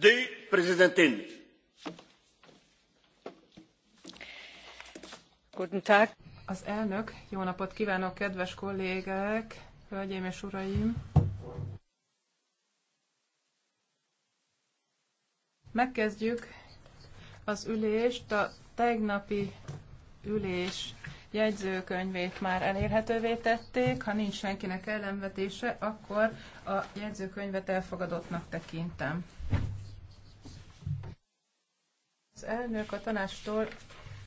die präsidentin! az elnök jó napot kívánok kedves kollégák hölgyeim és uraim! megkezdjük az ülést a tegnapi ülés jegyzőkönyvét már elérhetővé tették. Ha nincs senkinek ellenvetése, akkor a jegyzőkönyvet elfogadottnak tekintem. Az elnök a tanástól